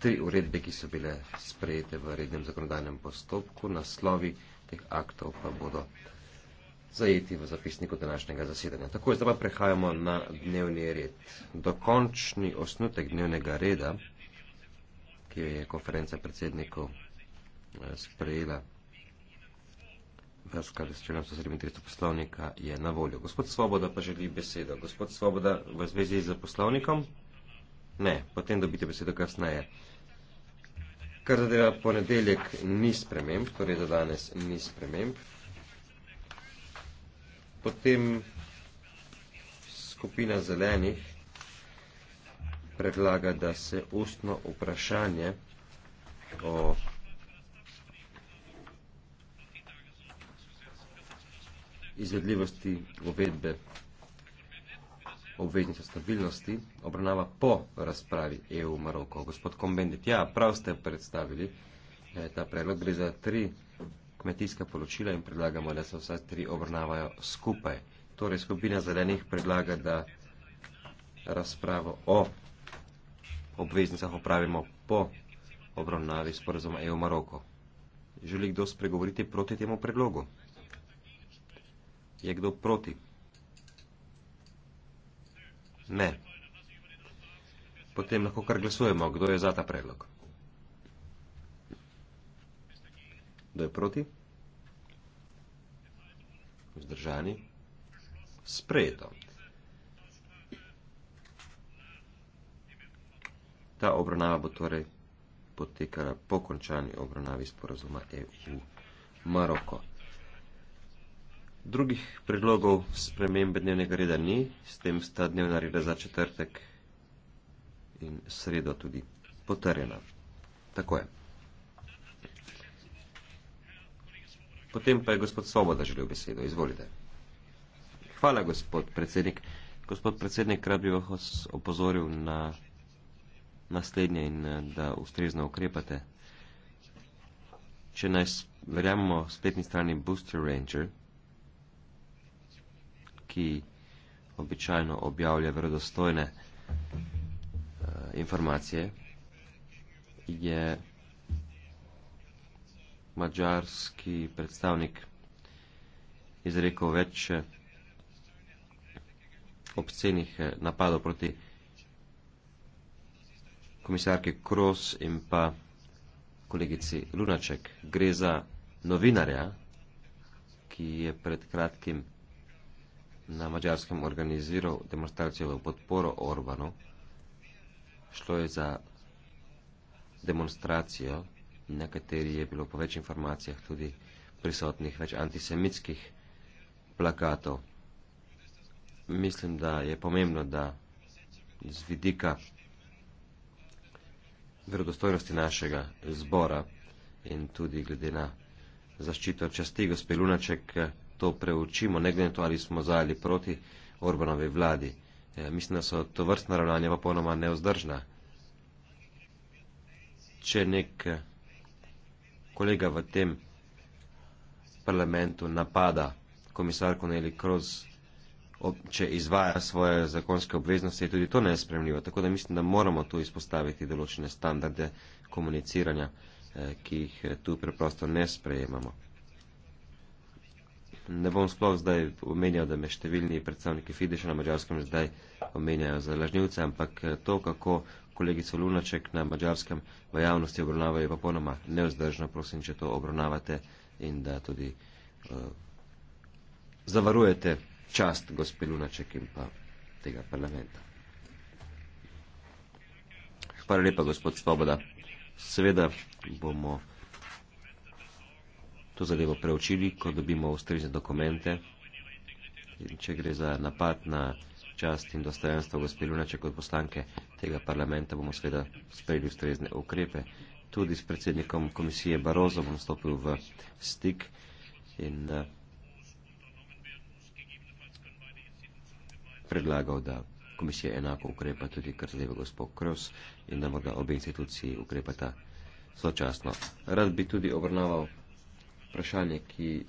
tri uredbe, ki so bile sprejete v rednem zakonodajnem postopku, naslovi teh aktov pa bodo zajeti v zapisniku današnjega zasedanja. Tako je, zdaj pa prehajamo na dnevni red. Dokončni osnutek dnevnega reda, ki jo je konferenca predsednikov eh, sprejela v skladu s členom 137 poslovnika, je na voljo. Gospod Svoboda pa želi besedo. Gospod Svoboda, v zvezi z poslovnikom. Ne, potem dobite besedo kasneje. Kar zadeva ponedeljek, ni sprememb, torej za danes ni sprememb. Potem skupina zelenih predlaga, da se ustno vprašanje o izvedljivosti uvedbe obveznic o stabilnosti obravnava po razpravi EU Maroko. Gospod Kombendit, ja, prav ste predstavili eh, ta predlog. Gre za tri kmetijska poročila in predlagamo, da se vsa tri obravnavajo skupaj. Torej, skupina zelenih predlaga, da razpravo o obveznicah opravimo po obravnavi sporazuma EU Maroko. Želi kdo spregovoriti proti temu predlogu? Je kdo proti? Ne. Potem lahko kar glasujemo, kdo je za ta predlog. Kdo je proti? Vzdržani? Sprejeto. Ta obravnava bo torej potekala po končani obravnavi sporazuma EU-Maroko. Drugih predlogov spremembe dnevnega reda ni, s tem sta dnevna reda za četrtek in sredo tudi potrjena. Tako je. Potem pa je gospod Svoboda želel besedo. Izvolite. Hvala, gospod predsednik. Gospod predsednik, rad bi vas opozoril na naslednje in da ustrezno ukrepate. Če naj verjamemo spletni strani Booster Ranger, ki običajno objavlja verodostojne eh, informacije, je mađarski predstavnik izrekel več eh, obscenih eh, napadov proti komisarki Kros in pa kolegici Lunaček. Gre za novinarja, ki je pred kratkim na Mađarskem organiziral demonstracijo v podporo Orbanu. Šlo je za demonstracijo, na kateri je bilo po več informacijah tudi prisotnih več antisemitskih plakatov. Mislim, da je pomembno, da z vidika verodostojnosti našega zbora in tudi glede na zaščito časti gospe Lunaček, to preučimo, ne glede to, ali smo za ali proti Orbanovi vladi. E, mislim, da so to vrstna ravnanja popolnoma neozdržna. Če nek eh, kolega v tem parlamentu napada komisarko Neli Kroz, če izvaja svoje zakonske obveznosti, je tudi to nespremljivo. Tako da mislim, da moramo tu izpostaviti določene standarde komuniciranja, eh, ki jih eh, tu preprosto ne sprejemamo ne bom sploh zdaj omenjal, da me številni predstavniki Fideša na mađarskem zdaj omenjajo za lažnivce, ampak eh, to, kako kolegico Lunaček na mađarskem v javnosti obravnavajo, je popolnoma neozdržno. Prosim, če to obravnavate in da tudi uh, zavarujete čast gospe Lunaček in pa tega parlamenta. Hvala lepa, gospod Svoboda. Seveda bomo to zadevo preučili, ko dobimo ustrezne dokumente. In če gre za napad na čast in dostojenstvo gospe Lunače kot poslanke tega parlamenta, bomo seveda sprejeli ustrezne ukrepe. Tudi s predsednikom komisije Barozo bom stopil v stik in eh, predlagal, da komisija enako ukrepa tudi, kar zadeva gospod Kros in da morda obe instituciji ukrepata sočasno. Rad bi tudi obravnaval vprašanje, ki